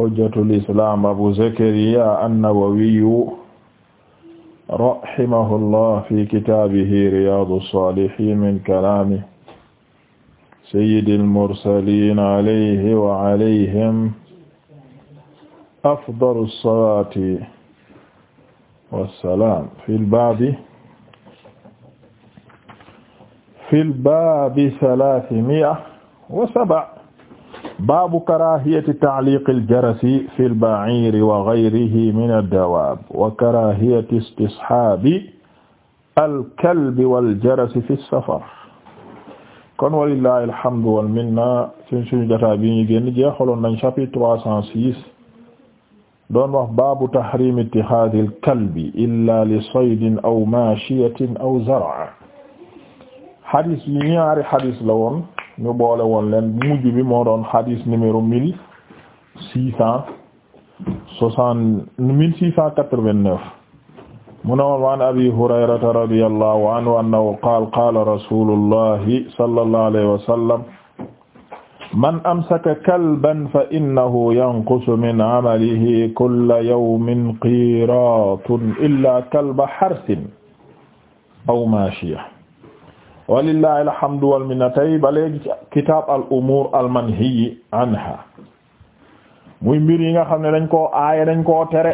hujjatul islam abu zakariya an-nawawiyu rahimahullah fi kitaabihi riyaadu saalihiin min kalaami sayyidil mursaliin alayhi wa alayhim afdalu salaati wassalaam fil baabi fil baabi salaasimi'a wa sab'a baabu karaahiyati ta'liiqil jarasi fil ba'iiri wa ghayrihi mina ddawaab wa karaahiyati istisxaabi alkalbi wal jarasi fi safar kon walillaahi alhamdu wal minna suñ suñu jotaay bi ñu génn jeexaloon nañ chapitre trois cent six doon wax baabu tahriimi ittixaadil kalbi illaa li saydin aw maashiyatin aw zar'in xadis yi ñaari xadis la woon. ñu boole woon leen bu mujj bi moo doon xadiis numéro mille six cent soixante mille six cent quatre-vingt-neuf mu ne woon waan abi hurayrata radiyallahu anhu annahu qaala qaala rasulullahi sallallahu alayhi wa sallam man amsaka kalban fa innahu yanqusu min amalihi kulla yawmin qiraatun illa kalba harsin aw maashiya walillahi alhamdu wal minna tey ba léegi kitaab al umuur al manhiyi anha muy mbir yi nga xam ne dañ koo aaye dañ koo tere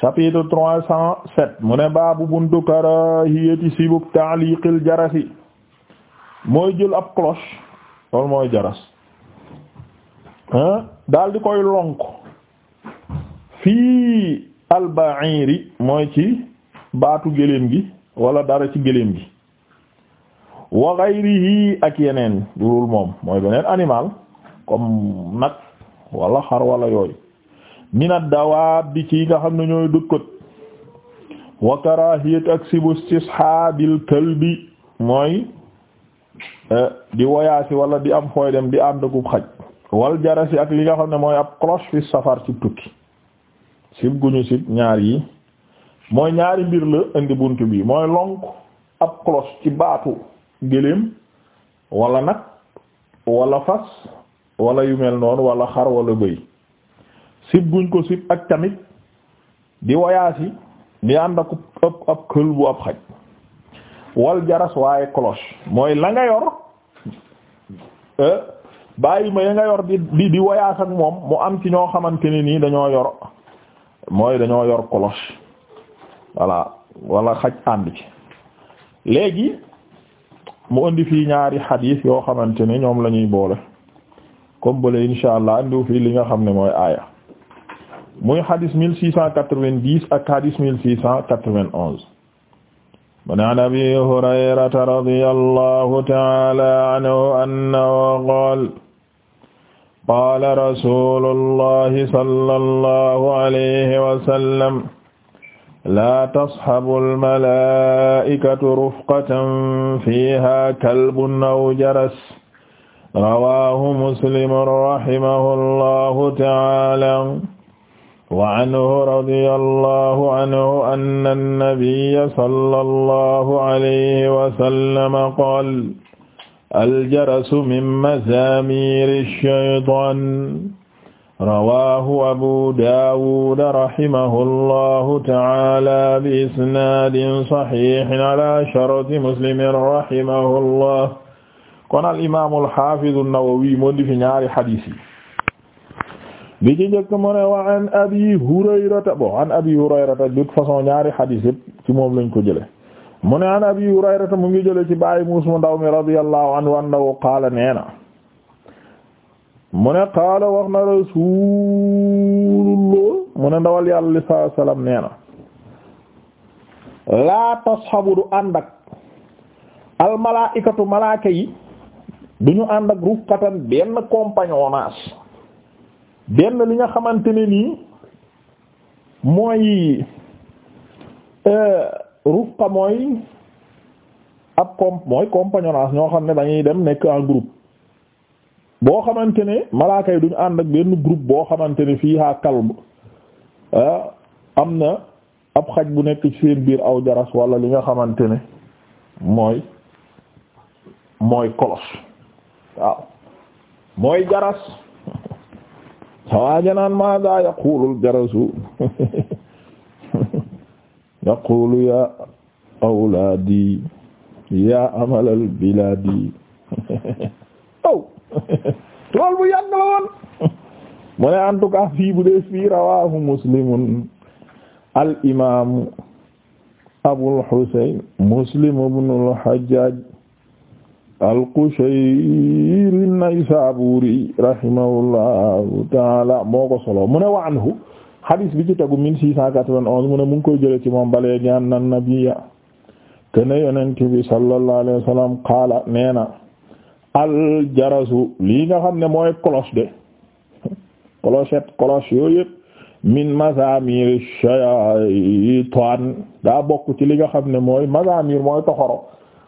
chapitre trois cent sept mu ne baabu buntu karahiyati sibub ta'liqil jarasi mooy jël ab cloche loolu mooy jaras dal di koy lonk fii alba ba'iri mooy ci baatu gëléem gi wala dara ci gëléem gi wa ghayrihi ak yeneen loolu moom mooy beneen animal comme nag wala xar wala yooyu mina dawaab bi ci nga xam ne ñooy dëkkat wa karahiyat ak sibu istishaabil kalbi mooy e, di woyaasi wala di am fooy dem di ànd ku xaj wal jarasi ak li nga xam ne mooy ab cloche fi safar ci tukki sib guñu sib ñaar yi mooy ñaari mbir la indi bunt bi mooy lonk ab cloche ci baatu gëléem wala nag wala fas wala yu mel noonu wala xar wala bëy sib guñ ko sib ak tamit di wayaasi di ànd ak ab ab kël bu ab xaj wal jaras waaye cloche mooy la nga yor e, bàyyi ma ya nga yor di di di wayaas ak moom mu am ci ñoo xamante ne nii dañoo yor mooy dañoo yor kolos voilà wala xaj ànd ci léegi mu indi fii ñaari xadiis yoo xamante ni ñoom la ñuy boole comme bële insha allah andiw fii li nga xam ne mooy aaya muy xadiis mille six cent quatre-vingt-dix ak xadiis mill six cent quatre-vingt-onze mu ne an abi hurayrata radiyallahu ta'ala anhu annahu qaala qaala rasuulullahi sallallahu alayhi laa tasxabu almalaikatu rufqatan fiiha kalbun aw jaras rawahu muslimun rahimahu allahu taala wa anhu radiya allahu anhu anna annabiya sallallahu alayhi wa sallam qaala aljarasu min mazaamiri shaytaan rawaahu abu daawud rahimahullahu ta'ala bi isnaadin saxiixin ala sharti muslimin rahimahullah kon al imaamul xaafidu nawawi moo di fi ñaari xadiis yi. bi ci njëkk mu ne wa an abi hurayrata bon an abi hurayrata de toute façon ñaari xadiis yëpp ci moom lañ ko jëlee mu ne an abi hurayrata mu ngi jëlee ci bàyyi muus mu ndaw mi radiyallahu anhu annahu qaala neena. mu ne qaala wax na rasulullah mu ne ndawal yàlla li saa salaam nee na laa tashabu du ànd ak almalaaikatu malaaka yi du ñu ànd ak rufqatan benn compagnonnage benn li nga xamante ne nii mooy euh, rufqa mooy ab comp mooy compagnonnage ñoo xam ne dañuy dem nekk en groupe boo xamante ne malaaka yi duñu ànd ak benn groupe boo xamante ne fii ha kalb ah, am na ab xaj bu nekk ci seen biir aw jaras wala li nga xamante ne mooy mooy kolos waaw mooy jaras sawaaja naan maa daa yaqulul jarasu yaqulu ya awlaadi ya amalal bilaadi aw loolu bu yàgg la woon mu ne en tout cas fii bu dee fii rawahu al imaamu abul husayn muslim ibn al hajjaj al qushayri naysaburi rahimahullahu moo ko mu ne wa anhu hadis bi ci tegu 1691 mu ne mu koy jëlee ci moom balee ñaan nan nabiya kene yonent bi sallallahu alayhi wa qaala neena al jarasu lii nga xam ne mooy cloche de clochette cloche yooyu yëpp min mazamir shaytaan daa bokk ci li nga xam ne mooy mazamir mooy toxoro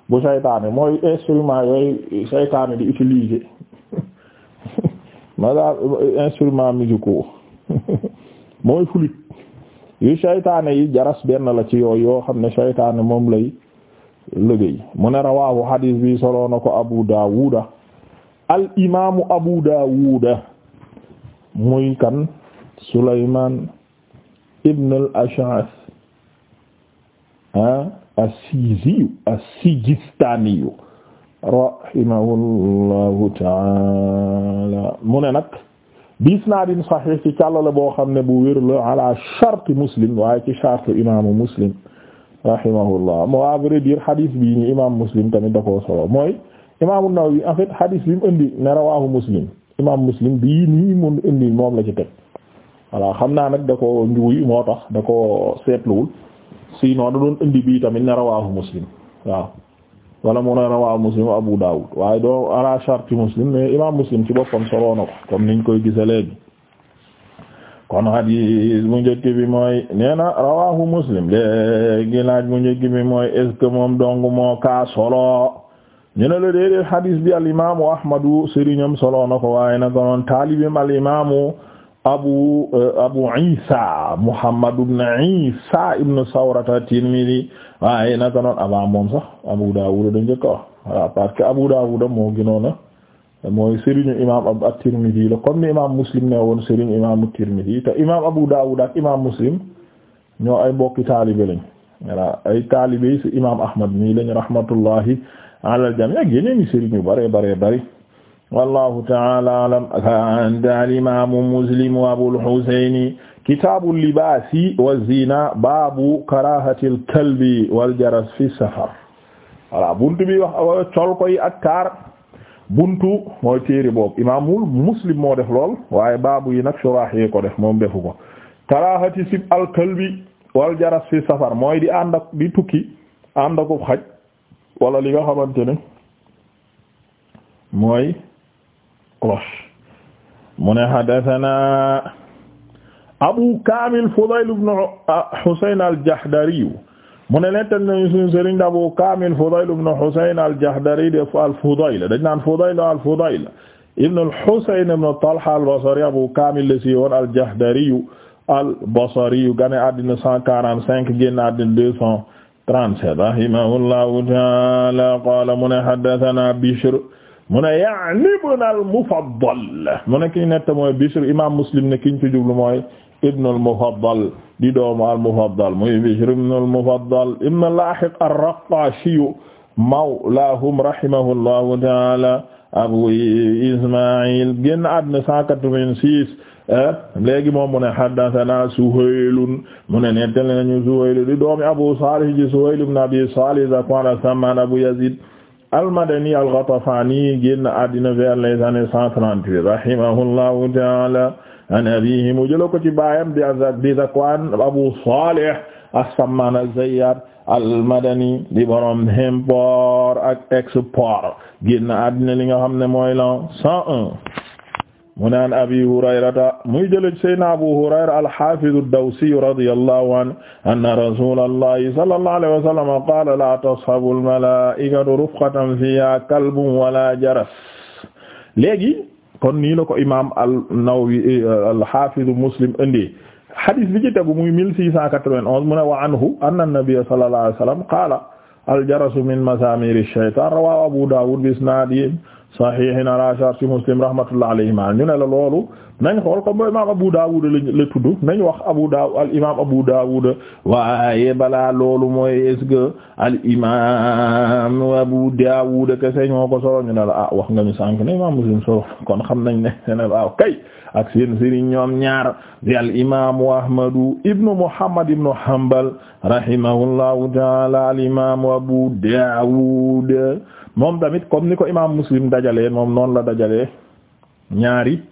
bu shaytaane mooy instrument yooyu shaytaane di utiliser maza instrument musicaux mooy flûte yu shaytaane yi jaras benn la ci yooyu yoo xam ne shaytaane moom lay liggéey mu ne rawaahu hadis bi solo na ko Abu Daawuda al imaamu Abu Daawuda muy kan Sulaymaan ibn al Ash'ath ah as-Sijiziyu as ta'ala mu ne nag bi isnaadin saxiix ci càllale boo xam ne bu wér ala charte muslim waaye ci charte imaamu muslim. rahimahullah moo à vrai dire hadis bi ñu imam muslim tamit da koo solo mooy imaamu Nawawi en fait hadis bi mu indi ne rawahu muslim imam muslim bii nii indi moom la ci teg voilà xam naa nag da ko moo tax da ko seetluwul sinon da doon indi bii tamit ne rawahu muslim waaw wala mu ne rawahu muslim abu dawud waaye doo ala sharti muslim mais imam muslim ci boppam solo na ko comme niñ koy gisa léegi kon hadis bu mooy nee na rawahu muslim léegi laaj bu njëkk bi mooy est moom dong moo ka solo ñu ne la déedéet bi al imaamu ahmadu sëriñam solo na ko waaye na ko noon taalibim al imaamu abu abu isa muhammad ibn isa ibn sawrata tirmidi waaye na ko noon avant moom sax abu daawuda da njëkk wax abu daawuda moo gënoon mooy sëriñu imam at-Tirmidhi la comme ni imam Muslim Abu Dawud ak imam Muslim ñoo ay mbokki taalibe lañ voilà ay taalibe ci imam Ahmad nii lañ rahmatullahi ala al-jami' ak yeneen i sëriñ yu bare bare bari ta'ala a'lam anda al Muslim wa Abul Husayn kitabu libasi wa zina karahati al-kalbi jaras fi safar voilà buntu bi ak kaar buntu mooy téere boobu imaamul muslim moo def lool waaye baabu yi nag suraax ko def moom defu ko karaahati sib alkalbi wal jaras fi safar mooy di ànd ak tukki ànd akub xaj wala li nga xamante ne mooy cloche mu ne hadathana abu kamil fudayl ibn husayn al jahdari mu ne nettali nañu suñu sëriñ Abu Kaamil Fudayl ibn Husayn al-Jahdari def al-Fudayl dañ naan Fudayl al-Fudayl ibn al-Husayn ibn Talha al-Basri Abu Kaamil la si woon al-Jahdari al-Basri gane àddina 145 génn àddina 237 rahimahullahu ta'ala qaala mu ne haddathanaa Bishr mu ne ya'ni ibn al-Mufaddal mu ne ki ñu nett mooy Bishr imaam Muslim ne ki ñu ci jublu mooy ibn al-Mufaddal di doomu al-Mufaddal muy Bishr ibn al-Mufaddal ibn Lahiq ar-Raqashi mawlaahum rahimahullahu ta'ala Abu Isma'il génn àdduna 186 eh? léegi moom mu ne haddathana Suhayl mu ne nettali nañu Suhayl di doomi Abu Salih ji Suhayl ibn Abi Salih Zakwan as-Samman Abu Yazid al-Madani al-Ghatafani génn àdduna vers les années 138 rahimahullahu ta'ala an abiihi mu jëla ko ci baayam di Zakwaan Abu Saalih as-Sammaan az-Zayyaat al-Madani di borom import export génn àddina li nga xam ne mooy lan 101 mu naan abi hurayrata muy jëlëj saydna abu hurayra alhafidu dawsiyu radi allahu an anna rasula allahi sala allah alayhi wa fiha kalbun wala jaras léegi kon nii la ko imaam an-Nawawi eh, al-Hafiz Muslim indi hadith bi ci tegu muy 1691 mu ne wa anhu anna an-nabiyya sallallahu alayhi wa sallam qaala al-jarasu min masamiri ash-shaytan rawahu Abu Dawud bi isnadihi sahihin ala sharti muslim rahmatullah alayhima ñu ne la loolu nañ xool comme ba imam Abu Dawud la tudd nañ wax Abu Dawud al imam Abu Dawud waaye balaa loolu mooy est-ce que al imam Abu Dawud kese ñoo ko solo ñu ne la ah wax nga ñu sànq ne imam Muslim solo kon xam nañ ne ne la kay ak seen sëriñ ñoom ñaar di al imaamu ahmadu ibnu muhammad ibnu hanbal rahimahullahu taala al imaamu abu daawud moom tamit comme ni ko imaam muslim dajalee moom noonu la dajalee ñaari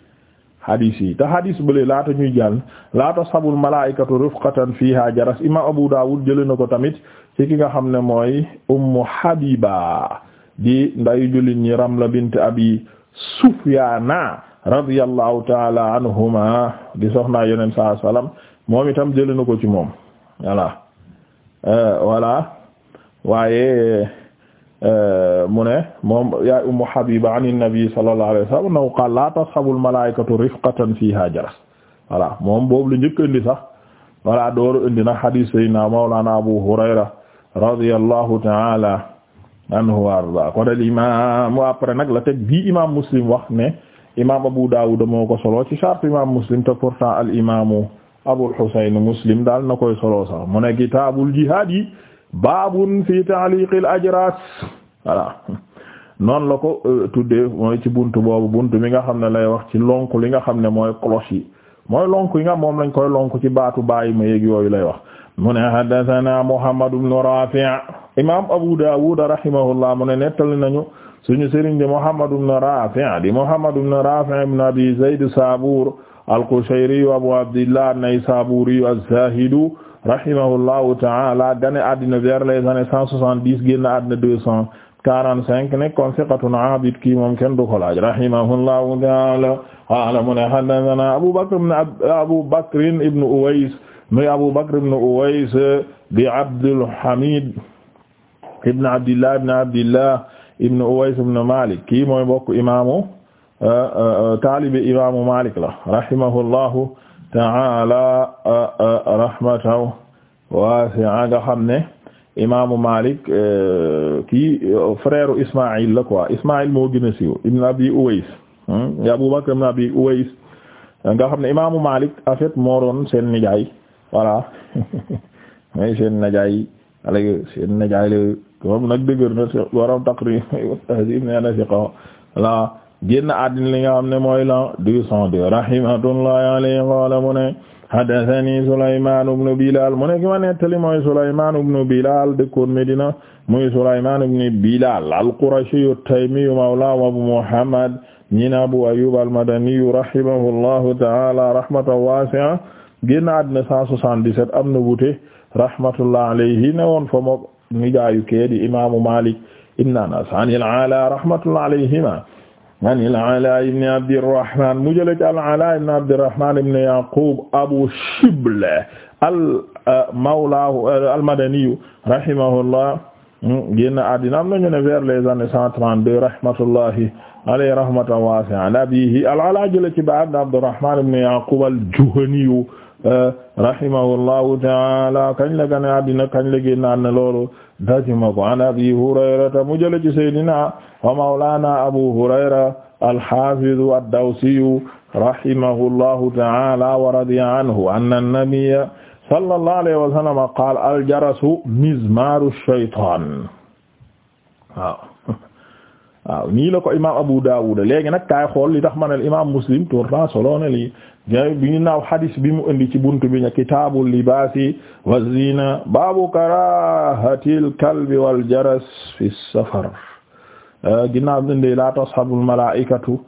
hadis yi te hadis bële laata ñuy laa laata sabul malaikatu rufqatan fiha jaras imam abu dawud jëlee ko tamit ci ga nga xam ne mooy ummu habiba di ndayu jullit ñi ramla bint abi sufyana radiyallahu taala anhuma di moom itam jëlee na ko ci moom voilà euh, voilà waaye euh, mu ne moom yaay ummu Habiba an nabi sallallahu alayhi wa sallam moom boobu la njëkk indi sax voilà dooru indi na hadith sayna mawlana Abu Hurayra radiyallahu taala anhu arda imaam Abu Dawud moo ko solo ci sharh imaam Muslim te pourtant al imaamu Abul Husayn Muslim daal na koy solo sax mu ne kitaabul jihaad yi baabun fi ta'liiqil ajraas voilà noonu la ko euh, tuddee mooy ci buntu boobu buntu mi nga xam ne lay wax ci lonk li nga xam ne mooy cloche yi mooy lonk yi nga moom lañ koy lonk ci baatu bàyyi ma yeeg yooyu lay wax mu ne haddathana Muhammad ibn Rafi' imaam Abu Dawud rahimahullah mu ne nettali nañu suñu sëriñ di Muhammad ibn Rafi' di Muhammad ibn Rafi' ibn Abi Zayd Sabur al-Qushayri Abu Abdillah an-Naysaburi az-Zahid rahimahullahu ta'ala gane àddina vers les années cent soixante-dix génn àddina deux cent quarante-cinq nekkoon siqatun abid kii moom kenn du ko laaj rahimahullahu ta'ala qaala mu ne haddathana Abu Bakr ibn Abu Bakr ibn Uways muy Abu Bakr ibn Uways bi Abdul Hamid ibn Abdillah ibn Abdillah ibn Uways ibn Malik kii mooy bokk imaamu uh, uh, uh, taalibi imaamu Malik la rahimahullahu ta'ala rahmatahu wasi'a nga xam ne imaamu Malik kii frère Ismaïl la quoi ibn Abi Uways ya hmm, Abu Bakr ibn Abi Uways nga xam ne imaamu Malik en fait moo seen nijaay voilà mooy seen nijaay la moom nag na waram taqrib tahdib na siqa la génn àddina li nga xam ne mooy la deux cent ne hadathani Sulayman ibn Bilal mu ne ki ma nettali mooy Sulayman ibn Bilal dëkkoon al-Qurashi at-Taymi mawla Abu Muhammad ñin Abu Ayyub al-Madani rahmatan wasi'a génn àddina cent soixante-dix-sept ne woon fa mook nijaayu kee di imaamu Malik ibn Anas an al-Ala rahmatullah alayhima an al-Ala ibn Abdirrahman mu jële ci al-Ala ibn Abdirrahman ibn Yaqub Abu Shibl al-mawlaahu al-Madaniyu rahimahullah génn àddina am nañu ne vers les années 132 rahmatullahi alayhi rahmatan waasi'atan abiihi al-Ala jële ci baay Abdirrahman ibn Yaqub al-Juhaniyu Eh, rahimahullahu taala kañ la gane addina kañ la génn na loolu dajuma ko an abi hurayrata mu jële ci seydina wa mawlana abu hurayra alhafidu addawsiyu rahimahullahu taala wa radiya anhu anna nabiyya sallallahu alayhi wa sallam qaala aljarasu mizmaru shaytaan waaw waaw nii la ko imam abu daawud léegi nag kaay xool li tax ma ne imam muslim tourna solo na li jaay bi ñu naaw hadis bi mu indi ci buntu bi ñu kitaabul libaasi wa zina baabu karaahatil kalbi wal jaras fi safar ginnaaw bi indi laa tashabul malaa'ikatu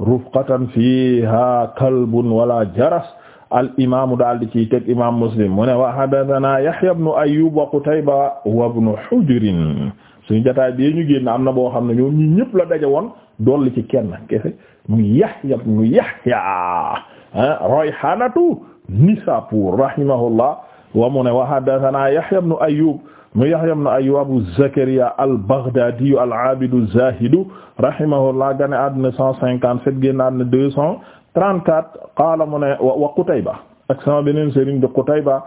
rufqatan fiihaa kalbun wala jaras al imaamu daal di ciy teg imaam muslim mu ne wa haddathanaa yahya ibnu ayyuub wa qutayba wa ibnu hujr suñu jotaay bii ñu génn am na boo xam ne ñoom ñi ñëpp la daje woon dolli ci kenn kese mu Yahya mu Yahya ah, rayhanatu Nisapur rahimahullah wa mu ne wa haddathana Yahya ibn Ayyub mu Yahya ibn Ayyub Abu Zakariya al-Baghdadi al-abid az-zahid rahimahullah gane àdduna 157 génn àdduna 234 qaala mu ne wa Qutayba ak sama beneen sëriñ de Qutayba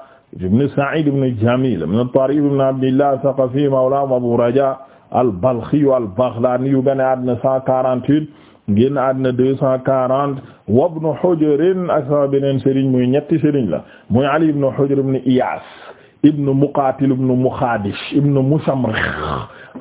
ibn Sa'id ibn Jamil ibn Tarif ibn Abdillah Thaqafi mawlaahum Abu Raja al-Balkhi al-Baghlani gane àddina 148 génn àddina 240 wa ibn Hujr ak sama beneen sëriñ muy ñetti sëriñ la muy Ali ibn Hujr ibn Iyas ibn Muqatil ibn Mukhadish ibn Musamrikh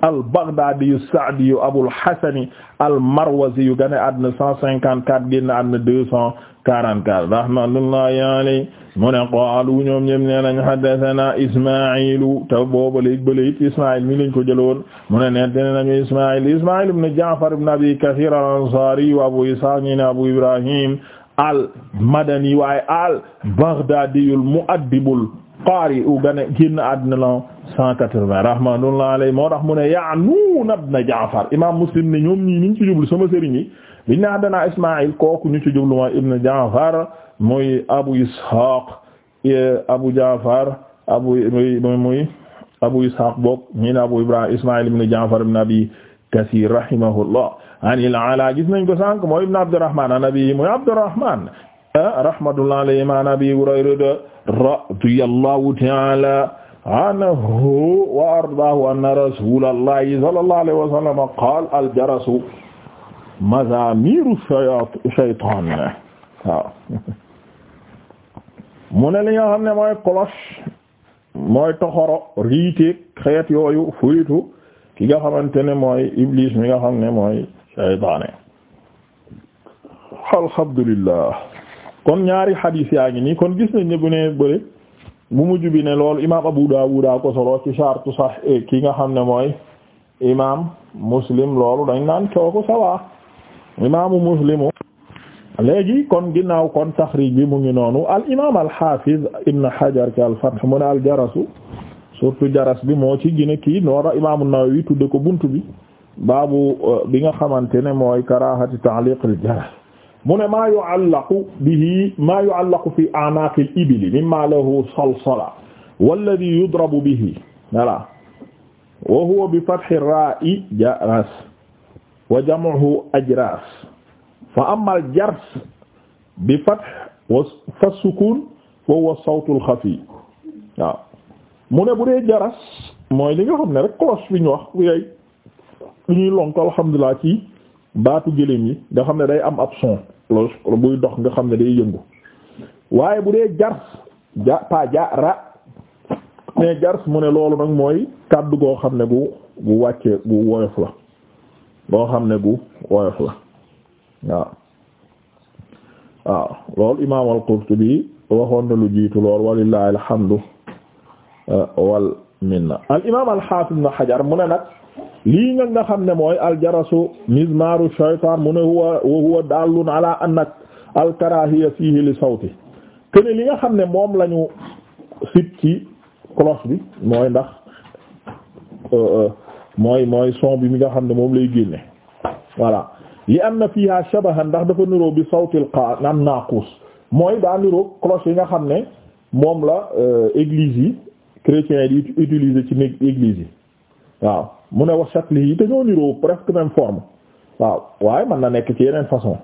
al-Baghdadiyu as-Sa'diyu Abul Hasan al-Marwaziyu gane àdduna 154 génn àdduna 244 rahmatullahi alayhi mu ne qaalu ñoom ñoom nee nañ haddathana Ismaa'ilu te boobu léegi ba léegi Ismaa'il mi lañ ko jëloon mu ne nee nañu Ismaa'il Ismaa'il ibn Ja'far ibn Abi Kathir al-Ansari wa Abu Ishaq ñu ne Abu Ibrahim al-Madani waaye al-Baghdadiyul mu'addibul qaari u gane génn àddina la 180 rahmatullahi alayhi moo tax mu ne ya'nuuna ibn Ja'far imaam Muslim ne ñoom ñii ñu ci jublu sama sëriñ yi biñ ne haddanaa Ismaa'il kooku ñu ci jublu mooy ibn Ja'far mooy Abu Ishaaq Abu Ja'far abu muy muy Abu Ishaaq bokk ñi ne Abu Ibrahim Ismaa'il ibn Ja'far ibn Abi Kasiir rahimahullah an il ala gis nañ ko sànq mooy ibn Abdurrahmaan an Abi mooy Abdurrahmaan rahmatullah alayhi an abi hurayrata radiyallahu ta'ala anhu wa ardaahu anna rasulallahi sallallahu alayhi wa sallam qaala al-jarasu mazaamiiru shaytaan waaw mu ne li nga xam ne mooy cloche mooy toxoro riiteeg xeet yooyu furitu ki nga xamante ne mooy iblis mi nga xam ne mooy shaytaane alhamdulillah kon ñaari xadiis yaa ngi nii kon gis ne bu ne bëri bu mujj bi ne loolu imaam Abu Dawud daa ko solo ci sartu sax eh, ki nga xam ne mooy imaam Muslim loolu dañ naan kooku sawa imaamu Muslimu léegi kon ginnaaw kon taxrij bi mu ngi noonu al imaam al xaafiz Ibn Hajar ki al Fath mu ne al jarasu surtout jaras bi moo ci gine kii noora imaamu Nawawi tudde ko buntu bi baabu eh, bi nga xamante ne mooy karaahati ta'liq al jaras mu ne maa yu'allaqu bihi maa yu'allaqu fi a'naaqil ibili mimmaa lahu salsala walladhi yudrabu bihi voilà wa huwa bi fathi raa'i jaras wa jam'uhu ajras fa ammal jars bi fath wa fa sukun fa huwa sawtul xafi waaw mu ne bu dee jaras mooy li nga xam ne rek cloche bi ñu wax yooyu ñuy lonk alhamdulilah ci baatu gëléem yi nga xam ne day am ab son cloche buy dox nga xam ne day yëngu waaye bu dee jars ja pa ja ra jars mu ne loolu nag mooy kàddu goo xam ne gu gu wàcce gu woyof la goo xam ne gu woyof la waaw waaw loolu imaam al-Qurtubi waxoon lu jiitu lool walillahi alhamdu wal minna al imaam al-Hafiz Ibn mu ne nag lii nga nga xam ne mooy aljarasu mizmaru shaytan mu ne huwa wa huwa dallun ala anna alkarahiya fihi li sawti kene li nga xam ne moom lañu ñu sit ci cloche bi mooy ndax euh, euh, mooy mooy son bi mi nga xam ne moom lay génne voilà li am na shabaha ndax dafa niroo bi sawtil qa mooy daa niroo cloche yi nga xam ne moom la euh, église yi chrétiens yi di utiliser ci église yi waaw mu ne wax shakli yi te ñoo niroo presque même forme waaw waaye man na nekk ci yeneen façon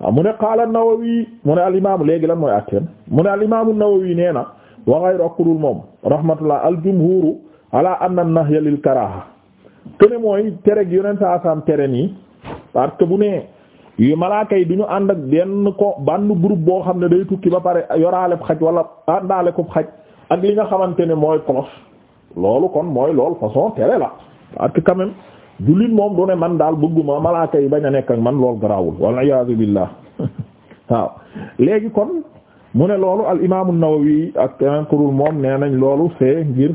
waaw mu ne qaala Nawawi mu ne al imaamu léegi lan mooy àtteem mu ne al imaamu Nawawi nee na wa ghayru akulul moom rahmatullah al jumhuru ala anna an-nahya lil mooy tere gi yoneen saa tere nii parce que bu ne yu malaaka yi du ñu ànd ak benn ko bànn groupe boo xam ne day tukki ba pare yoraale xaj wala àndaale ko xaj ak li nga xamante ne mooy cloche loolu kon mooy lool façon tere la parce que quand même jullit moom du ne man daal bëgguma malaaka yi bañ a nekk man loolu garaawul wal iyaadu billah waaw léegi kon mu ne loolu al imaamu Nawawi ak kurul moom nee nañ loolu fee ngir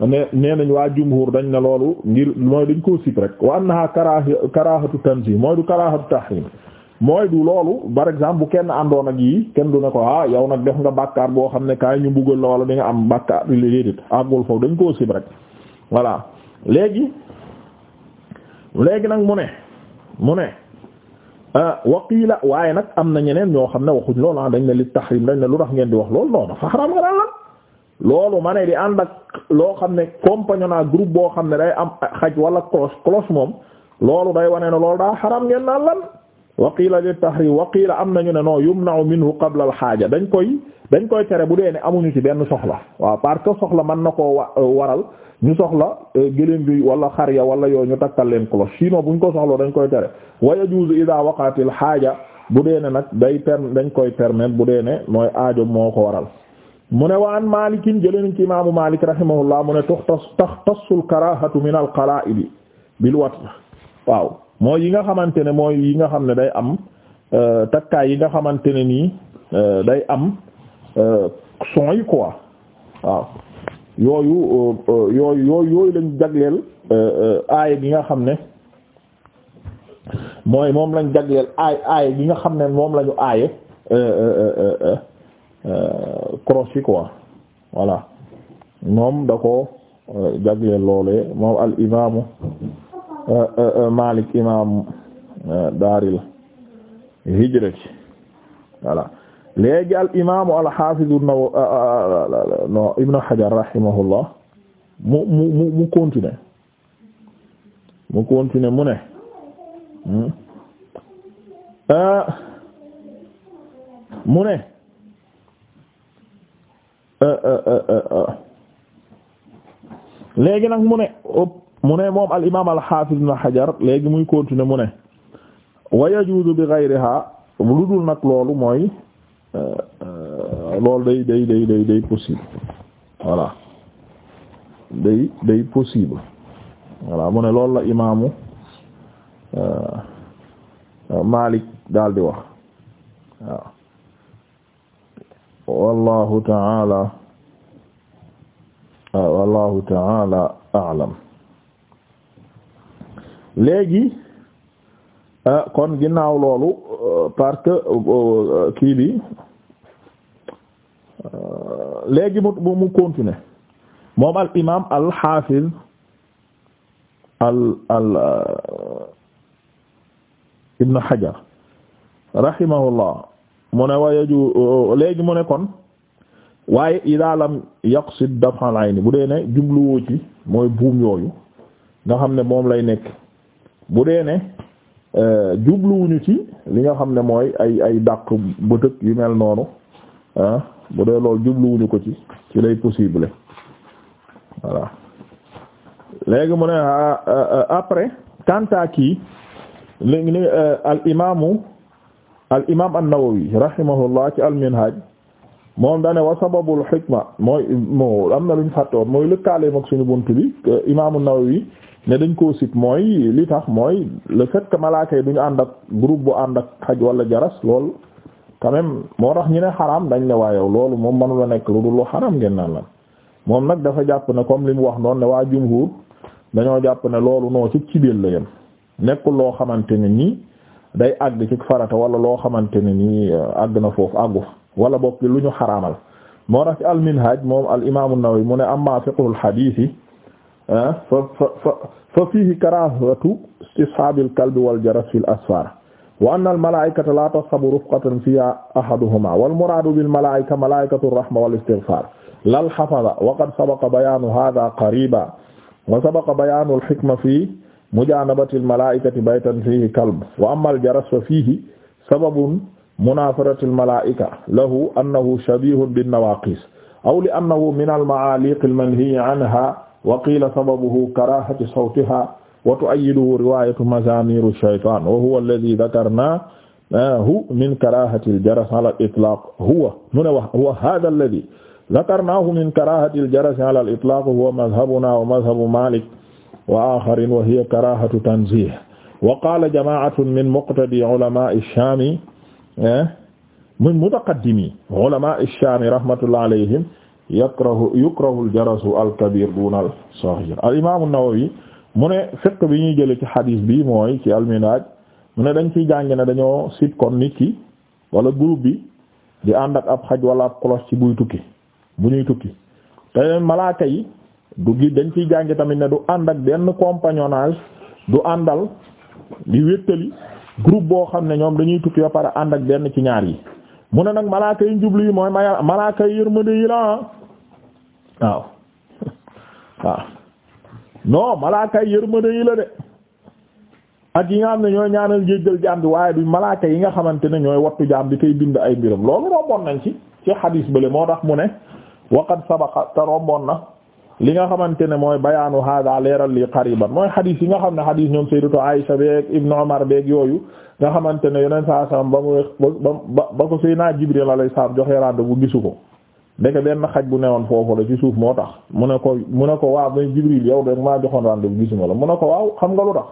ne nañ waa jumhur dañ ne loolu ngir mooy dañ ko sip rek wa annaha karaaha karaahatu tanzih mooy du karaahatu tahrim mooy du loolu par exemple kenn àndoon ak yi kenn du ne ko ah yow nag def nga bàkkaar boo xam ne kaay ñu buggal loola di nga am bàkkaar déedéet àggul foofu dañ koo sib rek voilà léegi léegi nag mu ne mu ne ah, waqiila waaye nag am na ñeneen ñoo xam ne waxuñ loolu naa ah, dañ ne li tahrim dañ ne lu tax ngeen di wax loolu non dafa xaraam nga daan loolu ma ne di ànd ak loo xam ne compagnonnage groupe boo xam ne day am xaj wala cloche cloche moom loolu day wane ne loolu daa xaraam ngeen naan waqiila li tahrim waqiila am nañu ne non yumna'u minhu qabla al xaaja dañ koy dañ koy tere bu dee ne amuñu ci benn soxla waaw parce que soxla man na koo wa euh, waral ñu soxla euh, gëléem bi wala xar ya wala yooyu ñu takkal leen cloche sinon buñ ko soxla dañ koy tere wa yajuuzu idaa waqatil xaaja bu dee ne nag day per dañ koy permettre bu dee ne mooy aajo moo ko waral mu ne waan malikin jëlenañ ci imaamu malik rahimahullah mu ne tux tas tax tassul karahatu min al qala'id bil wat waaw mooy yi nga xamante ne mooy yi nga xam ne day am euh, takkaay yi nga xamante ne nii euh, day am euh, son yi quoi waaw yooyu yooyu yooyu yooyu lañ jagleel aaya gi nga xam ne mooy moom lañ jagleel aay aaya gi nga xam ne moom lañu aaye croche yi quoi voilà moom da ko jagleel loolee moom al imaamu Euh, euh, euh, Malik imam daaril hijrati voilà léegi al imamu alhafizu no Ibn Hajar rahimahullah mu mu mu mu continuer mu continuer mu ne hmm? mu ne léegi nag mu ne mu ne moom al imaam al xaafis ibn Hajar léegi muy continuer mu ne wa bi ghayriha lu dul nag loolu mooy euh, loolu day day day possible voilà day day possible voilà mu ne loolu la imaamu euh, Maalik daal di wax waaw wallahu taala wallahu taala a'lam léegi euh, kon ginnaaw loolu euh, parce que euh, kii bi léegi mu mu continuer moom al imaam al xaafiz al al ibn Hajar rahimahullah mu ne wa léegi mu ne kon waaye idaa lam yaqsid dafal ayni bu dee ne jubluwoo ci mooy buum yooyu nga xam ne moom lay nekk bu dee ne euh, jubluwuñu ci li nga xam ne mooy ay ay dàq bëtëg yu mel noonu ah bu dee loolu jubluwuñu ko ci ci lay possible voilà léegi mu ne euh, euh, après kanta kii léegi ni al imaamu al imaam an-Nawawi rahimahullah ci al minhaj moom dane wa sababul hikma mooy moo am na lu ñu fàtte woon mooy lëkkaaleem ak suñu bunt bi imaamu an-Nawawi ne dañ koo sit mooy li tax mooy le fait que malaaka yi duñu ànd ak group bu ànd ak xaj wala jaras lool quand moo tax ñu ne xaraam dañ ne waayow loolu moom mënu nekk lu dul lu xaraam ngeen naan lan moom nag dafa jàpp na comme li mu wax noon ne waa jumhur dañoo jàpp ne loolu noo ci cibeel la yem nekkul loo xamante ne nii day àgg ci farata wala loo xamante ne nii euh, àgg na foofu àggu wala bokk lu ñu xaraamal moo tax ci al minhaj moom al imaamu Nawawi mu ne amma fiqhul hadith Ah, fa fa fa fiihi karaahatu istishaabil kalbi wal jaras fil asfaar wa anna al malaa'ikata laa tashabu rufqatan fiihaa ahaduhumaa wal muraadu bil malaa'ika malaa'ikatu rahma wal istighfaar lal hafaza wa qad sabaqa bayaanu haaza qariiban wa sabaqa bayaanu al hikma fii mujaanabati al malaa'ikati baytan fiihi kalb wa ammaa al jaras fa fiihi sababun munaafarati al malaa'ika lahu annahu shabiihun bin nawaaqiis aw li annahu min al ma'aaliq al manhiyyi anhaa wa qiila sababuhu karahati sawtiha wa tu'ayyiduhu riwayatu mazamiru shaytan wa huwa alladhi dhakarnahu min karahati al-jaras ala al-itlaq huwa mu ne wax huwa hadha alladhi dhakarnahu min karahati al-jaras ala al-itlaq huwa madhhabuna wa madhhabu Malik wa akharin wa hiya karahatu tanzih wa qala jama'atun min muqtadi ulama'i ash-shami eh, min mutaqaddimi ulama'i ash-shami rahmatullahi alayhim yakrahu yukrahu al-jarasu al-kabir duna al-saghir al-imam an-Nawawi mu ne fiqh bi ñuy jële ci hadith bi mooy ci al-Minhaj mu ne dañ ciy jàng ne dañoo sit nit ki wala groupe bi di ànd ak ab xaj wala ab cloche ci buy tukki bu ñuy tukki te malaaka yi du gi dañ ciy jàng tamit ne du ànd ak benn compagnonnage du àndal di wéttali groupe boo xam ne ñoom dañuy tukki ba pare ànd ak benn ci ñaar yi mu ne nag malaaka yi njublu yi mooy malaaka yi yi la waaw waaw non malaaka yi yërmande yi la de ak yi nga xam ne ñooy ñaanal jéggal jaam waaye du malaaka yi nga xamante ne ñooy wattu jaam bi tey bind ay mbiram loolu romboon nañ ci ci xadiis bële moo tax mu ne waqad sabaqa te romboon na li nga xamante ne mooy bayaanu hada leeral li qariban mooy xadiis yi nga xam ne xadiis ñoom sayyidatu Aisha beeg Ibnu Umar beeg yooyu nga xamante ne yeneen saa sam ba mu ba ba ko Seydina Jibril alayhi salaam joxe rendez-vous gisu ko ndeke benn xaj bu newoon foofu la ci suuf moo tax mu ne ko mu ne ko waaw ba Jibril yow de maa joxoon rendez-vous gisuma la mu ne ko waaw xam nga lu tax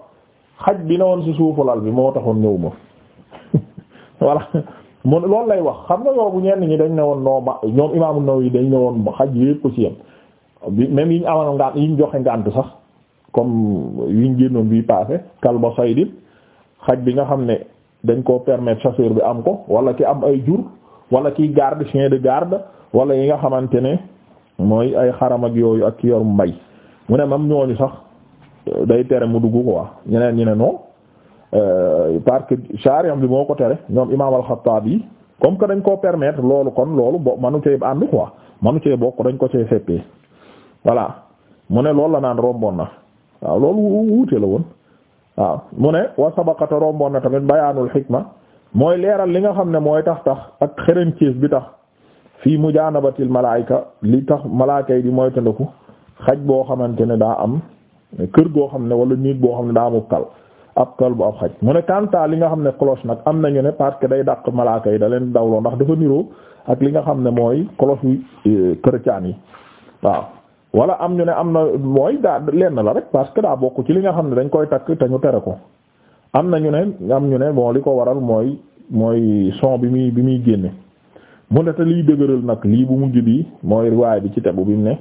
xaj bi newoon ci suufu lal bi moo taxoon ñëw ma voilà mu loolu lay wax xam nga yow bu ñenn ñi dañ newoon noo ba ñoom imaamu yi dañ newoon xaj yépp ci yem bi même yi ñu amoon ngànt yi ñu joxe ngànt sax comme yi ñu génnoon bii passé kalba saydin xaj bi nga xam ne dañ ko permettre chasseur bi am ko wala ki am ay jur wala kiy garde chien de garde wala yi nga xamante ne mooy ay xaram ak yooyu ak ki yor mbay mu ne mam ñooñu sax euh, day tere mu dugg ko waa ñeneen ñi ne non euh, parce que bi moo ko tere ñoom imam al-Khattabi comme que dañ koo permettre loolu kon loolu bo manu cee ànd quoi manu cee bokk dañ ko cee feppee voilà mu ne lool la naan romboon na waaw loolu wuute la woon waaw mu ne wa sabaqata romboon na tamit bayaanul xikma mooy leeral li nga xam ne mooy tax tax ak xereñ bi tax fii mujaanabatil malaayika li tax malaayika yi di moytandiku xaj boo xamante ne daa am kër goo xam ne wala nit boo xam ne daa am kal ab kal bu ab xaj mu ne kanta li nga xam ne cloche nag am nañu ne parce que day dàq malaayika yi da leen dawloo ndax dafa niroo ak li nga xam ne mooy cloche yu euh, chrétien yi waaw wala am ñu ne am na mooy daa lenn la rek parce que daa bokk ci li nga xam ne dañ koy takk te ñu tere ko am na ñu ne am ñu ne bon li ko waral mooy mooy son bi muy bi muy génne. mu ne te liy dëgëral nag lii bu mujj bi mooy riwaay bi ci tebu bi mu ne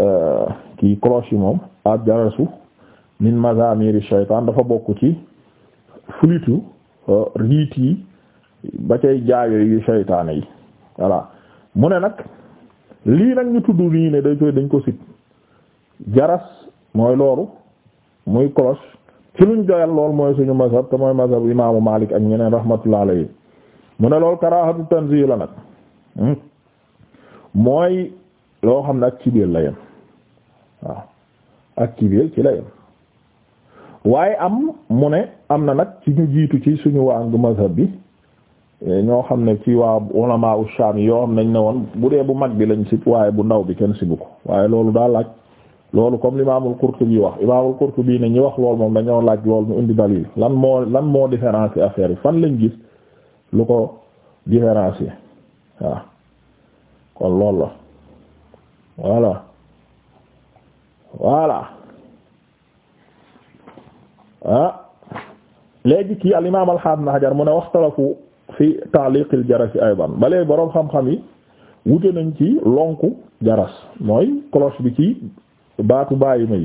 euh, kii cloche yi moom ab jarasu min mazamiri shaytan dafa bokk ci fulitu euh, riit yi ba cay jaayo yu shaytaane yi voilà mu ne nag lii nag ñu tudd nii ne dañ koy dañ ko sit jaras mooy loolu muy cloche ci luñ joyal lool mooy suñu mazhab te mooy mazhab imaamu Maalik ak ñeneen rahmatullah alayhi mu ne lool karaahatu tanzih la nag Hmm? mooy loo xam ne ak cibeel la yem waaw ak cibeel ci la yem waaye am mu ne am na nag ci ñu jiitu ci suñu wàngu mazhab bi eh, ñoo xam ne ci waa ulama u Sham yoo xam nañ ne woon bu dee bu mag bi lañ sib waaye bu ndaw bi kenn sibu ko waaye loolu daa laaj loolu comme l'imamul Qurtubi wax imamul Qurtubi ne ñi wax loolu moom dañoo laaj loolu ñu indi dalil lan moo lan moo différencier affaire yi fan lañ gis lu ko différencier waaw kon loolu la voilà voilà ah léegi kii al imaam al xaam na xajar mu ne waxtalafu fi taaliqil jarasi aydan balee boroom xam-xam yi wute nañ ci lonku jaras mooy cloche bi ci baatu bàyyi ma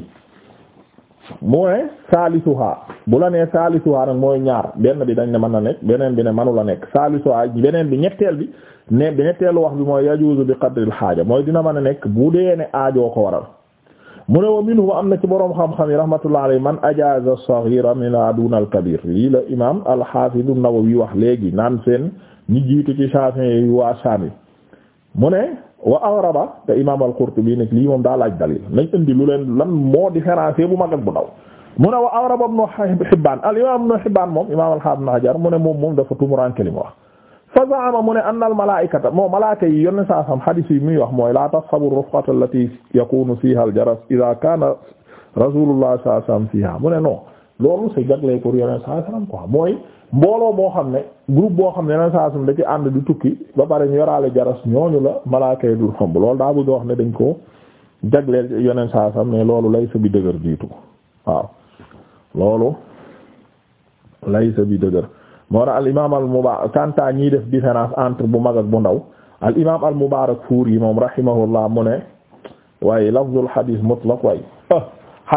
mooy saalisuha bu la nee saalisuha nag mooy ñaar benn bi dañ ne mën na nekk beneen bi ne mënu la nekk saalisuha beneen bi ñetteel bi ne bi ñetteelu wax bi mooy yajuuzu bi qadril xaaja mooy dina mën a nekk bu dee ne aajoo ko waral mu ne wa minhu am na ci boroom xam-xam yi rahmatullah alayhi man ajaaza as-saghira min aduna al-kabir lii la imaam al-Hafiz an-Nawawi wax léegi naan seen ñi jiitu ci Shafi'i yi waa Sham mu ne waa a te imaam al-Qurtubi nag lii moom daa laaj dalil nañ indi lu leen lan moo différencier bu mag ak bu ndaw mu ne Hibbaan moom imaam al-Haafiz ibn Hajar mu ne moom moom dafa tumuraanke li mu wax fa za'ama mu anna al moo malaaka yi yónni saa sam muy wax mooy laa tashabu rufqata allati yakunu fiha al-jaras idha kana rasulullah sallallahu alayhi wasallam fiha mu ne non loolu c'est jagleel pour yónni saa sam quoi mbooloo moo xam ne group boo xam ne yeneen saa da ci di tukki ba pare ñu yoraale ñooñu la malaaka yi loolu daa bëgg dañ ko jagleel yeneen saa su loolu laysa bi dëgër jiitu waaw bi dëgër moo tax al imaam def différence bu mag bu ndaw al imaam al yi moom rahimahullah mu waaye lafzul xadiis mutlaq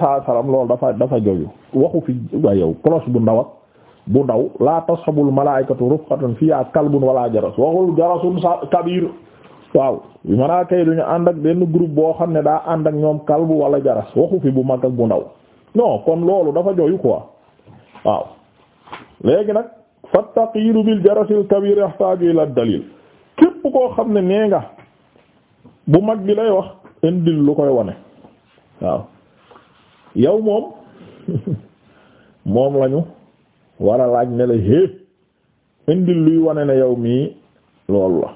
saa salaam loolu dafa dafa joyu waxu fi waaye yow cloche bu ndaw bu ndaw la tashabul malaikatu rufqatan fiha kalbun wala jaras waxul jarasun sa kabir waaw malaaka yi duñu ànd ak benn groupe boo xam ne daa ànd ak ñoom kalbu wala jaras waxu fi bu mag ak bu ndaw non kon loolu dafa joyu quoi waaw léegi nag fattaqiidu bil jarasil kabir yahtaju ila dalil képp koo xam ne nee nga bu mag bi lay wax indil lu koy wane waaw yow moom moom lañu wala laaj ne la hé indil luy wane ne yow mii loolu la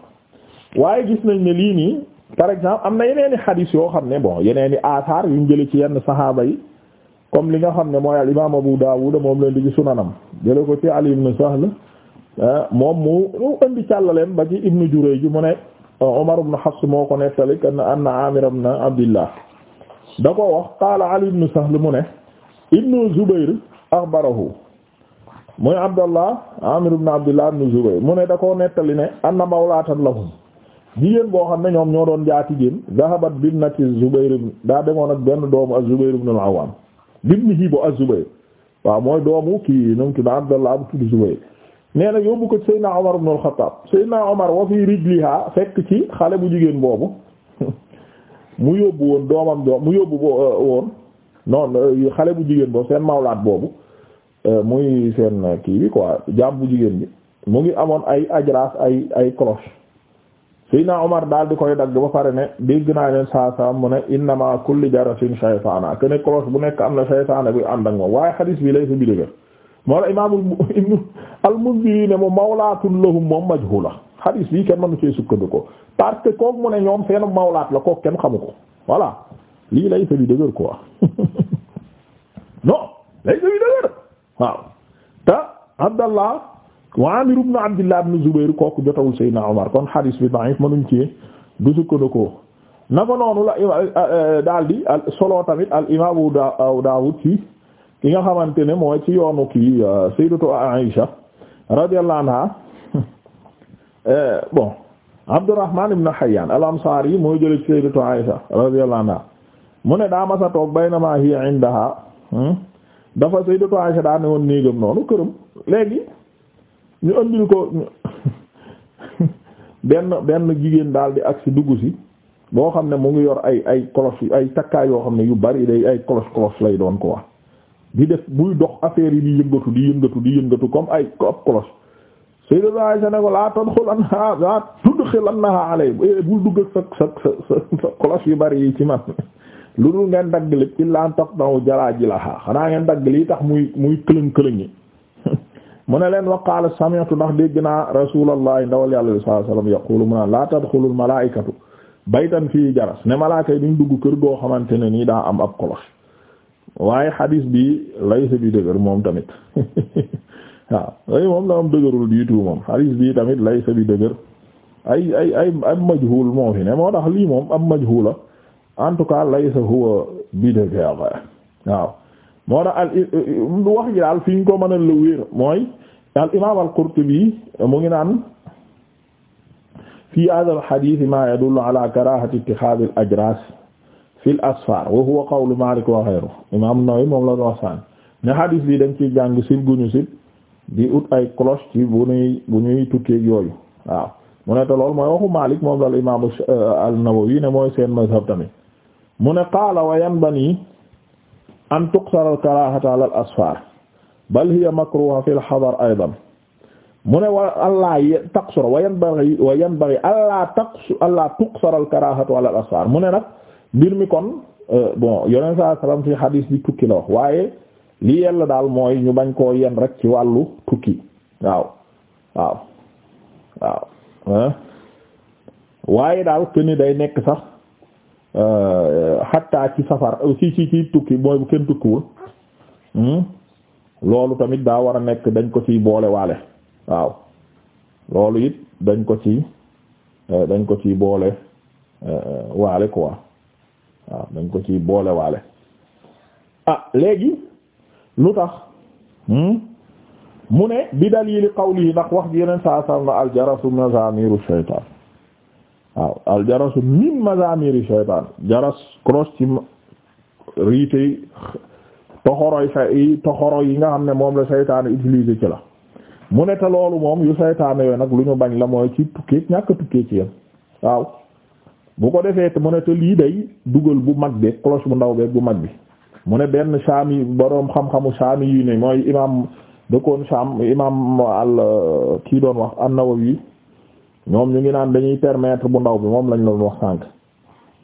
waaye gis nañ ne lii nii par exemple am na yeneeni xadiis yoo xam ne bon yeneeni asaar yuñ jële ci yenn saxaaba yi comme li nga xam ne mooy al imaam Abu Daawud moom leen di ci sunanam jële ko ci Ali ibn Sahl ah, moom mu indi càllaleen ba ci Ibn Jurayj mu ne Umar ibn Hafs moo ko nettali anna Aamir ibn Abdillah da ko wax qaala Ali ibn Sahl mu ne ibn Zubayr axbarahu mooy Abdallah Amir ibn Abdallah ibn Zubayr mu ne da koo nettali ne anna mawlaatan lahum jigéen boo xam ne ñoom ñoo doon jaati jigéen zahabat bibnati Zubayr daa demoon ak benn doomu az-Zubayr ibn al-Awwam bibnihi bu az-Zubayr waaw mooy doomu kii nu mu tudd Abdallah bu tudd nee na yóbbu ko Seydina Omar ibn al-Khattab Seydina Omar wa fi rijliha fekk ci xale bu jigéen boobu mu yóbbu woon doomam doom mu yóbbu woon non xale bu jigéen boobu seen mawlaat boobu. Euh, muy seen kii bi quoi jaam bu jigéen bi mu ngi amoon ay ajras ay ay cloche Seydina Omar daal di koy dagg ba pare ne dégg naa leen saa saa mu ne innama kulli jarasin shaytaana que cloche bu nekk am na shaytaana bi ànd ak moom waaye xadiis bi lay sa bi dëgër moo la imaamul ne mu mawlaatun lahum moom majhuula xadiis bi kenn mënu cee sukkandiku parce que kooku mu ne ñoom seen mawlaat la kooku kenn xamu ko voilà lii lay sa dëgër quoi non waaw te Abdallah wa Amir ibn Abdillah ibn Zubayr kooku jotawul Seydina Omar kon xadis bi da'if mënuñ ci du sukkandikoo na ko noonu eh, eh, eh, daal di solo tamit al imaam Abu Daawud ci ki nga xamante ne mooy ci yoonu kii Sayyidatu Aisha radiyallahu anha bon Abdurrahman ibn Hayyan al-Ansari mooy jële ci Sayyidatu Aisha radiyallahu anha mu ne daa masa toog baynama hiya indaha hmm? dafa Sayyidatu Aisha daa ne woon néegam noonu këram léegi ñu andil ko benn benn jigéen daal di si dugg si boo xam ne mu ngi yor ay ay cloche ay takkaay yoo xam ne yu bari day ay cloche cloche lay doon quoi di def buy dox affaire yi di yëngatu di yëngatu di yëngatu comme ay ab cloche Sayyidatu Aisha ne ko laa tudxilannahaa laa tudxilannahaa alay eh, bul dugg ak sa sa sa cloche yu bari yi ci man lu dul ngeen dagg lépp illaa an taqta'u jaraajilahaa xanaa ngeen dagg lii tax muy muy këlëng këlëng yi mu ne leen wa qaala sami'tu ndax dégg naa rasuulallahi ndawal yàlla sallallahu alayhi wasallam yaqulu mu naan laa tadxulul malaa'ikatu baytan fii jaras ne malaaka yi duñ dugg kër goo xamante ne nii daa am ab cloche waaye xadiis bi laysa bi dëgër moom tamit waaw ay moom da am dëgërul diitu moom xadiis bi tamit laysa bi dëgër ay ay ay ab majhul moo fi ne moo tax lii en tout cas laysa huwa bidéfer waaw moo tax al euh, wax ji daal fi ñu ko mën a mooy al imam al Qurtubi mu ngi naan fi hadha al hadith ma yadullu ala karahati ittixaad al ajras fi al asfar wa huwa qawlu Malik wa ghayruhu imam Nawawi moom la wax ne hadith bi dañ ciy jàng sib guñu sib di ut ay cloche ci bu ñuy bu ñuy tukkeeg yooyu waaw mu ne te mooy waxu Malik moom la al imam euh, an-Nawawi ne mooy seen mazhab tamit mu ne qaala wa yanbani an tuksara alkarahata ala al bal hiya makruha fi lxadar aidan mu ne wa allaa taqsura ala al mu ne nag mbir mi kon euh, bon yoneen saa sallam fi xadiis bi tukki la wax waaye li yella daal mooy ñu bañ koo yen rek ci wàllu tukki waaw waaw waaw waaye daal këni day nekk sax xatta ci safar ci ci ci tukki mooy bu kenn tukkiwul hmm? loolu tamit daa war a nekk dañ ko ci boole waale waaw loolu it dañ ko ci eh, dañ ko ci boole eh, waale quoi waaw dañ ko ci boole waale ah léegi lu tax hmm? mu ne bi dalili qawlihi ndax wax ji yeneen saa saa na aljarasu mazamiru shaytaan waaw al jarasu min mazamiri shaytan jaras croche ci riite yi toxoroy say toxoro yi nga xam ne moom la seytaan utilisé ci la mu ne te loolu moom yu saytaan yooyu nag lu ñu bañ la mooy ci tukkee ñàkk tukkee ci yéen waaw bu ko defee mu ne te lii day dugal bu mag bi cloche bu ndaw beeg bu mag bi mu ne benn saami boroom xam-xamu saami yi ne mooy imaam dëkkoon saam imaam al kii doon wax an-Nawawi ñoom ñu ngi naan dañuy permettre bu ndaw bi moom lañ loolu wax sànq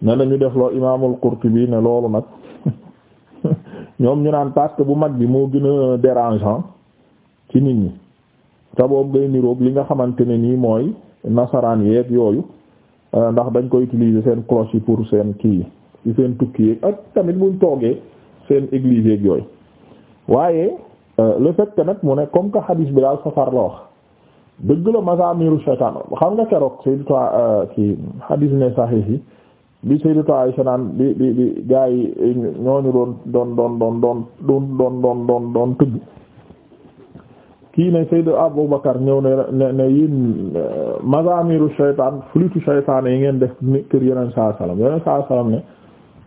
ne lañu ñu def loolu imaamul Qurtubi ne loolu nag ñoom ñu naan parce bu mag bi moo gën a dérangeant ci nit ñi te boobu ngay niroog li nga xamante ne nii mooy nasaraan yeeg yooyu euh, ndax dañ koy utiliser seen cloche yi pour seen kii yi seen tukki yeeg ak tamit buñ toogee seen église yeeg yooyu waaye euh, le fait que nag mu ne comme que hadis bi daal safar la wax. dëgg la mazaamiru shaytaan xam nga keroog Sayyidatu ci euh, hadis ne sahih yi bi Sayyidatu Aisha naan bi bi bi gaa yi eh, ñooñu doon doon doon doon doon doon doon doon doon tëgg kii ne Sayyid Abubakar ñëw ne ne yéen euh, mazaamiru shaytaan flûte shaytaan yi ngeen def kër yeneen saa salaam yeneen saa salaam ne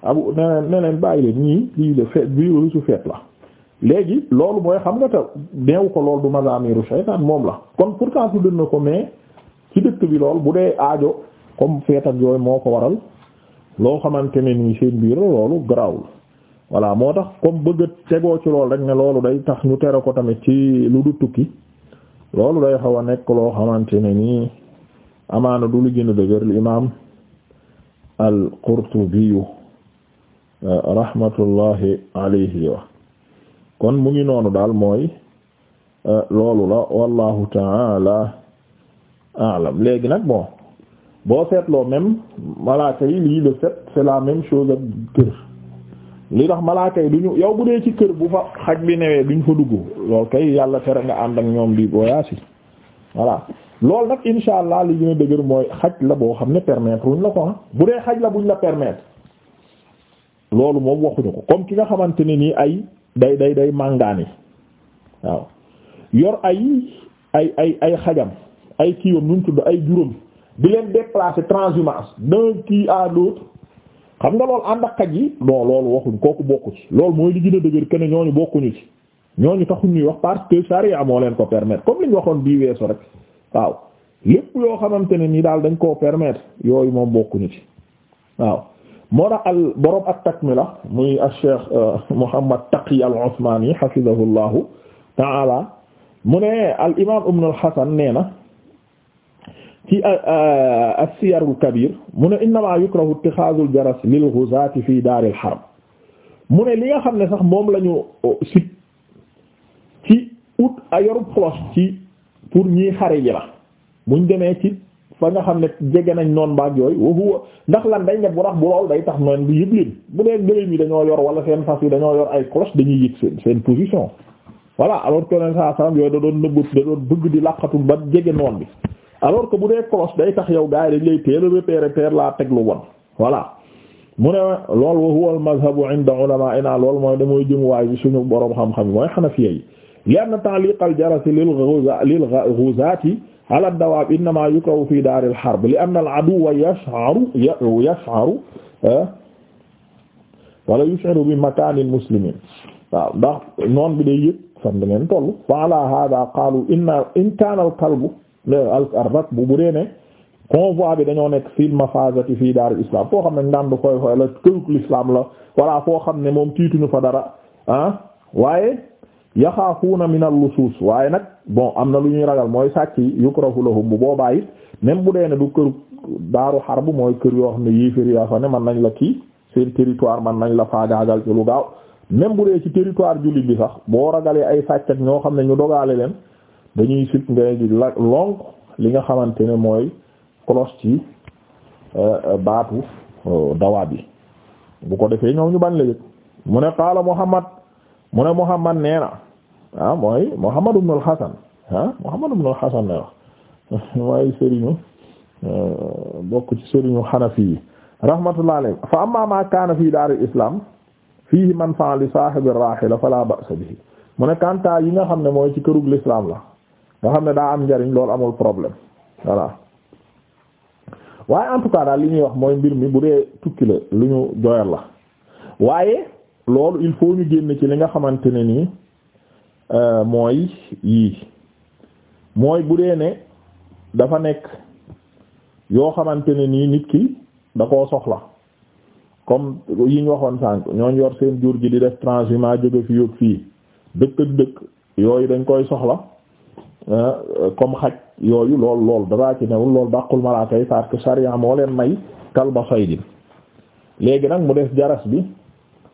abu ne ne leen bàyyi leen ñii lii la fête bii su fête la. léegi loolu mooy xam nga te neewu ko loolu du mazamiru shaytaan moom la kon pourtant tudd na ko mais ci dëkk bi lool bu dee aajo comme feet ak yooyu moo ko waral loo xamante ne nii seen biir loolu garaawul voilà moo tax comme bëgg a tegoo ci loolu rek ne loolu day tax ñu tere ko tamit ci lu du tukki loolu day xaw a nekk loo xamante ne nii amaana du lu gën a dëgër li imaam al-Qurtubi rahmatullahi alayhi wa kon mu ngi noonu daal mooy euh, loolu la wallahu taala alam léegi nag bon boo seetloo même malaaka yi lii le fait c'est la même chose ak kër li tax malaaka yi du ñu yow bu dee ci kër bu fa xaj bi newee duñ fa dugg lool kay yàlla tere nga ànd ak ñoom di voyage voilà loolu nag insha allah li gën a dëgër mooy xaj la boo xam ne permettre wuñ la ko ah bu dee xaj la buñ la permettre loolu moom waxuñu ko comme ki nga xamante ne nii ay day day day màngaan yi waaw yor ay ay ay ay xajam ay kiiwam ñu tudd ay juróom di leen déplacer transhumance d'un kii à l'autre xam nga loolu ànd ak xaj yi non loolu waxuñ kooku bokku ci loolu mooy li gën a dëgër kenn ñooñu bokkuñu ci ñoo ñooñu taxuñ ñuy wax parce que charia moo leen ko permettre comme liñ waxoon bii weesu rek waaw lépp yoo xamante ne nii daal dañ koo permettre yooyu moom bokkuñu ci waaw moo tax al borom ak takmila muy al cheikh euh, Muhammad Taqi al Usmani hafizahu llahu taala mu ne al imam ibn al Hasan nee na ci euh, euh, as-siyar al kabir mu ne innama yukrahu ittixaadu al jaras lil ghuzaati fi daar al harb mu ne li nga xam ne sax moom la ñu sit ci ut a yorub xlos ci pour ñiy xare ji la buñ demee ci ba nga xam ne jege nañ noon baag yooyu wahuwa ndax lan dañ ne bu rax bu lool day tax noon bi yëg bu dee gëléem yi dañoo yor wala seen fas yi dañoo yor ay cloche dañuy yëg seen seen position voilà alors que leen saa salam yooyu da doon nëbbut da doon bëgg di laqatu ba jege noon bi alors que bu dee cloche day tax yow gars yi dañ lay teel a repérer teel laa teg lu bon voilà mu ne lool wa huwa al madhabu inda ulama'ina lool mooy damooy jëm waay bi suñu boroom xam-xam mooy xanafiya yi li anna ta'liq al jaras lil ghuzati ala dawaab innama yukrahu fi daaril harb li anna al aduwwa yash'aru yash'aru eh, wala yushiru bi makaanil muslimiin waaw ndax noon bi day yëg fan da ngeen toll fa ala hada qaalu inna in kaana al kalbu bu bu dee ne convoi bi dañoo nekk fil mafaazati fii daaril islam foo xam ne ndànd koy koy la këru l'islam la wala foo xam ne moom tiituñu fa dara ah waaye yaxaafuuna min al-lusuus waaye nag bon am na lu ñuy ragal mooy sàcc yi yukrahu lahum bu boobaa it même bu dee ne du kër daaru xarb mooy kër yoo xam ne yéeféri yaa fa ne man nañ la kii seen territoire man nañ la faagaagal ci lu gaaw même bu dee ci territoire jullit bi sax boo ragalee ay sàcc ak ñoo xam ne ñu dogaale leen dañuy sit ngay di la lonk li nga xamante ne mooy cloche ci euh, baatu euh, dawaa bi bu ko defee ñoom ñu ban la yëg mu ne qaala Muhammad mu ne Muhammad nee na ah mooy Muhammad ibn al-Hasan ah Muhammad ibn al-Hasan ne sëriñu euh, bokk ci sëriñu Hanafi fii rahmatullah alayhi fa amma ma kaana fi daar al-islam fihi manfa'a li sahib ar-rahila fala ba'sa bihi mu ne kanta yi nga xam ne mooy ci kërug l'islam la nga xam ne daa am njariñ lool amul problème voilà waaye en daal li ñuy wax mooy mbir mi bu dee tukki la lu ñu doyal la waaye loolu il faut ñu génn ci li nga xamante ne nii euh, mooy yii mooy bu dee ne dafa nekk yoo xamante ne nii nit ki da koo soxla comme yi waxoon sànq ñooñ yor seen jur gi di def transhumance jóge fi yóbbu fii dëkk ak dëkk yooyu dañ koy soxla euh, comme xaj yooyu lool lool daraa ci newul lool dàqul malaaka yi parce que sariya moo leen may kalba soydin léegi nag mu def jaras bi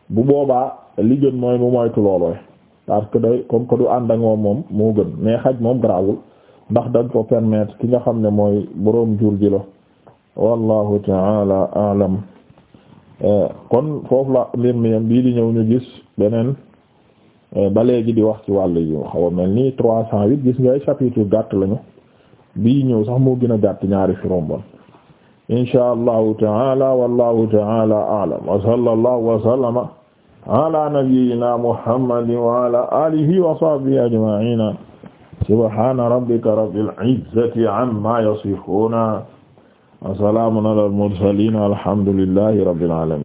bu boobaa li gën mooy mu moytu loolooy parce que day comme que du ànd ak moom moo gën mais xaj moom garaawul ndax dañ ko permettre ki nga xam ne mooy boroom jur ji la wallahu taala alam euh, kon foofu la mbir mi bii di ñëw ñu gis beneen euh, ba léegi di wax ci wàll yu xaw a mel nii trois cent huit gis ngay chapitre gàtt lañu bii ñëw sax moo gën a gàtt ñaari fi rombon insha allahu taala wallahu taala alam wa sallallahu wa sallama ala nabiyyina muhammadin wa ala alihi wa sahbihi ajma'ina subhana rabbika rabbil izzati amma yasifuna wa salamun alal mursalin walhamdulillahi rabbil alamin